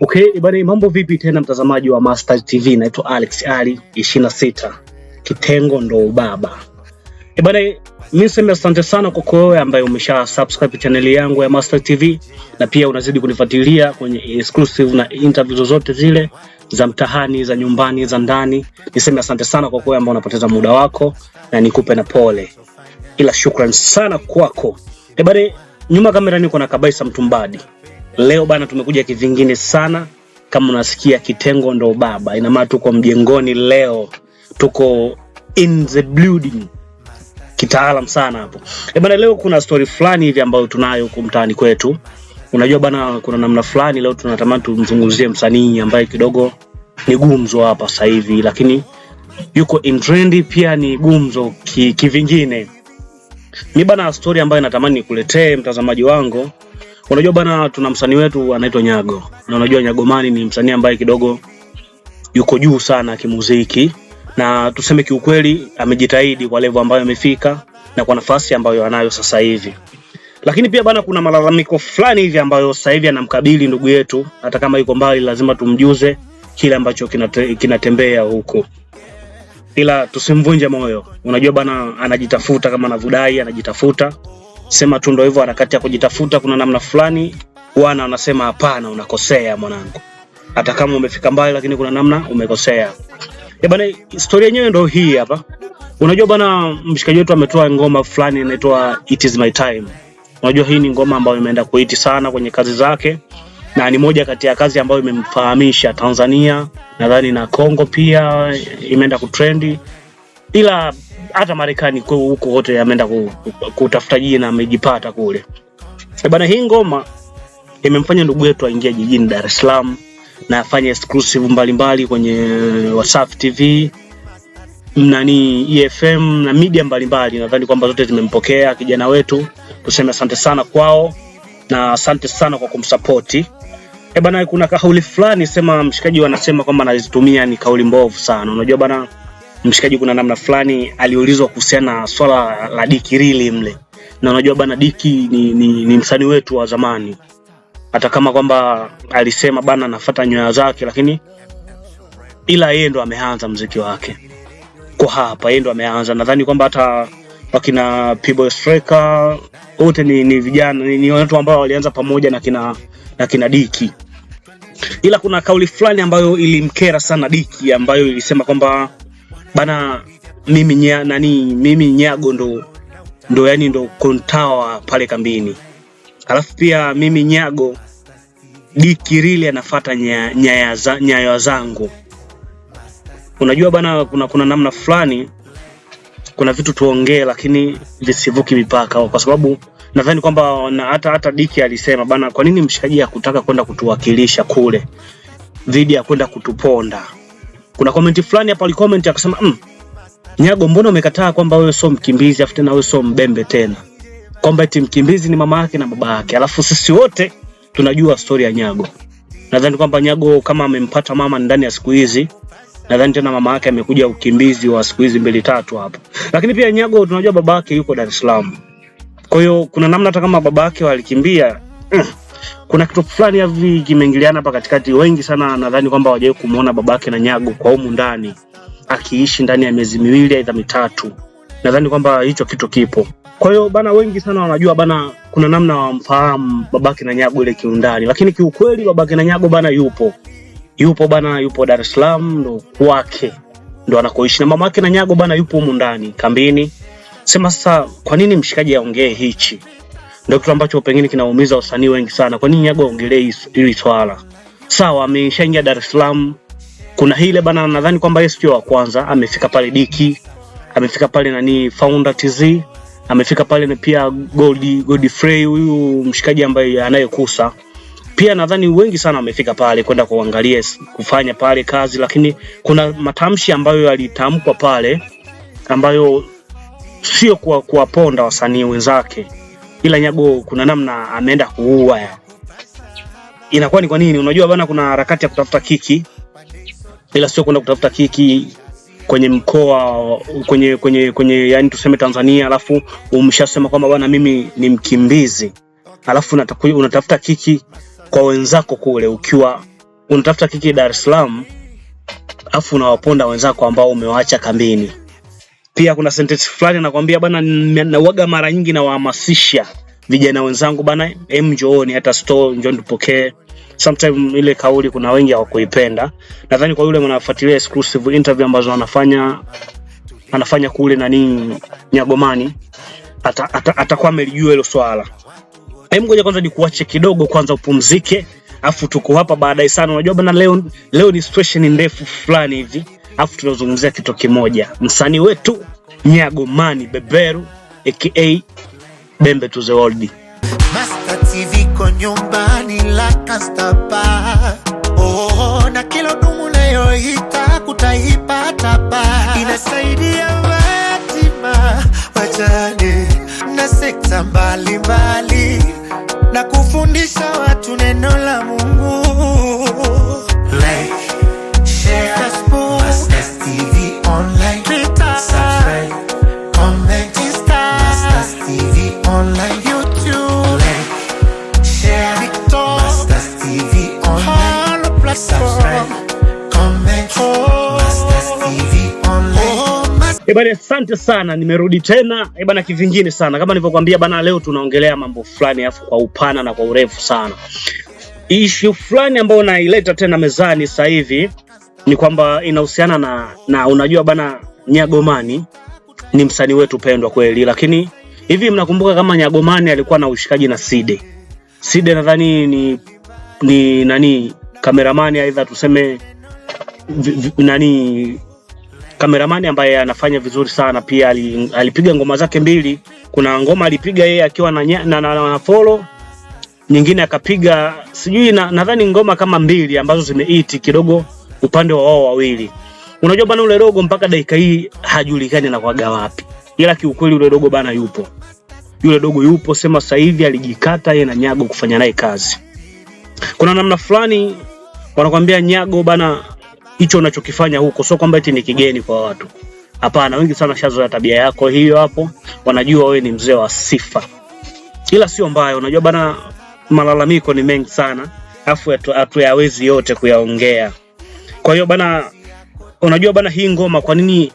Okay, ibani mambo vipi tena mtazamaji wa Mastaz TV, naitwa Alex Ali 26. Kitengo ndo ubaba. Bwana, mimi sema asante sana kwako wewe ambaye umesha subscribe channel yangu ya Master TV na pia unazidi kunifuatilia kwenye exclusive na interview zozote zile za mtahani za nyumbani za ndani. Niseme asante sana kwako wewe ambaye unapoteza muda wako na nikupe na pole. Ila shukrani sana kwako. Eh, bwana, nyuma kamera niko na Kabaisa Mtumbadi. Leo bana tumekuja kivingine sana kama unasikia kitengo ndo baba. Ina maana tuko mjengoni leo. Tuko in the building kitaalam sana hapo. e bana leo kuna story fulani hivi ambayo tunayo huko mtaani kwetu. Unajua bana, kuna namna fulani leo tunatamani tumzungumzie msanii ambaye kidogo ni gumzo hapa sasa hivi, lakini yuko in trend pia ni gumzo kivingine. ki Mi bana, story ambayo natamani nikuletee mtazamaji wangu, unajua bana, tuna msanii wetu anaitwa Nyago, na unajua Nyagomani ni msanii ambaye kidogo yuko juu sana kimuziki na tuseme kiukweli amejitahidi kwa level ambayo amefika na kwa nafasi ambayo anayo sasa hivi. Lakini pia bana, kuna malalamiko fulani hivi ambayo sasa hivi anamkabili ndugu yetu, hata kama yuko mbali, lazima tumjuze kile ambacho kinate, kinatembea huko, ila tusimvunje moyo. Unajua bana, anajitafuta kama anavyodai, anajitafuta sema tu ndo hivyo, harakati ya kujitafuta kuna namna fulani wana wanasema hapana, unakosea mwanangu, hata kama umefika mbali, lakini kuna namna umekosea. Eh, bana, historia yenyewe ndio hii hapa. Unajua bana, mshikaji wetu ametoa ngoma fulani inaitwa It is my time. Unajua hii ni ngoma ambayo imeenda kuiti sana kwenye kazi zake na ni moja kati ya kazi ambayo imemfahamisha Tanzania nadhani na Kongo pia imeenda kutrendi, ila hata Marekani huko wote ameenda kutafuta jina amejipata kule. Eh, bana, hii ngoma imemfanya ndugu yetu aingie jijini Dar es Salaam na afanye exclusive mbalimbali kwenye WhatsApp TV nani EFM na media mbalimbali. Nadhani kwamba zote zimempokea kijana wetu, tuseme asante sana kwao na asante sana kwa kumsapoti. E bana, kuna kauli fulani sema mshikaji wanasema kwamba anazitumia ni kauli mbovu sana. Unajua bana, mshikaji kuna namna fulani aliulizwa kuhusiana na swala la Diki Rili mle, na unajua bana, Diki ni, ni, ni msanii wetu wa zamani hata kama kwamba alisema bana anafuata nyoya zake, lakini ila yeye ndo ameanza mziki wake kwa hapa, yeye ndo ameanza. Nadhani kwamba hata wakina p Striker wote ni, ni vijana ni, ni watu ambao walianza pamoja na kina, na kina Diki, ila kuna kauli fulani ambayo ilimkera sana Diki ambayo ilisema kwamba bana mimi nya, nani mimi Nyago ndo ndo yani ndo kontawa pale kambini Alafu pia mimi Nyago Dikirili anafuata nyaya, nyaya, nyayo zangu. Unajua bana, kuna, kuna namna fulani kuna vitu tuongee, lakini visivuki mipaka, kwa sababu nadhani kwamba na hata hata Diki alisema bana, kwa nini mshikaji hakutaka kwenda kutuwakilisha kule dhidi ya kwenda kutuponda. Kuna komenti fulani hapa alicomment akasema, mm, Nyago, mbona umekataa kwamba wewe sio mkimbizi afu tena wewe sio mbembe tena kwamba eti mkimbizi ni mama yake na baba yake, alafu sisi wote tunajua stori ya Nyago. Nadhani kwamba Nyago kama amempata mama ndani ya siku hizi, nadhani tena mama yake amekuja ukimbizi wa siku hizi mbili tatu hapo. Lakini pia Nyago tunajua baba yake yuko Dar es Salaam, kwa hiyo kuna namna hata kama baba yake walikimbia mm, kuna kitu fulani hivi kimeingiliana hapa katikati. Wengi sana nadhani kwamba wajawahi kumuona babake na Nyago kwa humu ndani akiishi ndani ya miezi miwili aidha mitatu nadhani kwamba hicho kitu kipo. Kwa hiyo bana, wengi sana wanajua bana, kuna namna wamfahamu babake na nyago ile kiundani, lakini kiukweli babake na nyago bana yupo yupo bana, yupo Dar es Salaam ndo kwake ndo anakoishi, na mamake na nyago bana yupo humu ndani kambini. Sema sasa, kwa nini mshikaji aongee hichi? Ndio kitu ambacho pengine kinaumiza wasanii wengi sana. Kwa nini Nyago aongelee hili swala? Sawa, ameshaingia Dar es Salaam, kuna hile bana, nadhani kwamba yeye sio wa kwanza, amefika pale Diki amefika pale nani founder TZ amefika pale na pia Gold Godfrey huyu mshikaji ambaye anayekusa pia nadhani wengi sana wamefika pale kwenda kuangalia kufanya pale kazi, lakini kuna matamshi ambayo yalitamkwa pale ambayo sio kwa kuwaponda wasanii wenzake, ila Nyago kuna namna ameenda kuua. ya. Inakuwa ni kwa nini? Unajua bana, kuna harakati ya kutafuta kiki, ila sio kwenda kutafuta kiki kwenye mkoa kwenye kwenye kwenye yani tuseme Tanzania, alafu umshasema kwamba bwana, mimi ni mkimbizi, alafu unatakuja unatafuta kiki kwa wenzako kule, ukiwa unatafuta kiki Dar es Salaam, alafu unawaponda wenzako ambao umewaacha kambini. Pia kuna sentence fulani nakwambia bwana, nauaga mara nyingi nawahamasisha vijana wenzangu bana, hem, njooni hata store, njoo tupokee sometime ile kauli kuna wengi hawakuipenda. Nadhani kwa yule mnafuatilia exclusive interview ambazo anafanya anafanya kule na nini Nyagomani atakuwa ata, ata amelijua hilo swala. Hebu ngoja kwanza nikuache kidogo kwanza upumzike, afu tuko hapa baadaye sana. Unajua bana, leo leo ni situation ndefu fulani hivi, afu tunazungumzia kitu kimoja, msanii wetu Nyagomani Beberu aka Bembe to the World. Master TV nyumbani la kastapa oh, na kila dumu nayoita kutaipatapa inasaidia watima wajane na sekta mbalimbali na kufundisha watu neno la Mungu Ebana, asante sana, nimerudi tena ebana, eh, kivingine sana kama nilivyokuambia bana. Leo tunaongelea mambo fulani, afu kwa upana na kwa urefu sana. Ishu fulani ambayo naileta tena mezani sasa hivi ni kwamba inahusiana na, na unajua bana, Nyagomani ni msanii wetu pendwa kweli, lakini hivi mnakumbuka kama Nyagomani alikuwa na ushikaji na Side? Side nadhani ni, ni nani kameramani aidha tuseme v, v, nani kameramani ambaye anafanya vizuri sana pia alipiga ngoma zake mbili. Kuna ngoma alipiga yeye akiwa na, na, na, na, na follow nyingine akapiga sijui nadhani na ngoma kama mbili ambazo zimeiti kidogo upande wa wao wawili. Unajua bana, ule dogo mpaka dakika hii hajulikani na kwaga wapi, ila kiukweli ule dogo bana yupo, yule dogo yupo, sema sasa hivi alijikata yeye na Nyago kufanya naye kazi. Kuna namna fulani wanakwambia Nyago bana hicho unachokifanya huko, sio kwamba eti ni kigeni kwa watu. Hapana, wengi sana shazoea tabia yako hiyo hapo, wanajua wewe ni mzee wa sifa, ila sio mbaya. Unajua bana, malalamiko ni mengi sana, afu hatuyawezi yote kuyaongea. Kwa hiyo bana, unajua bana, hii ngoma kwa nini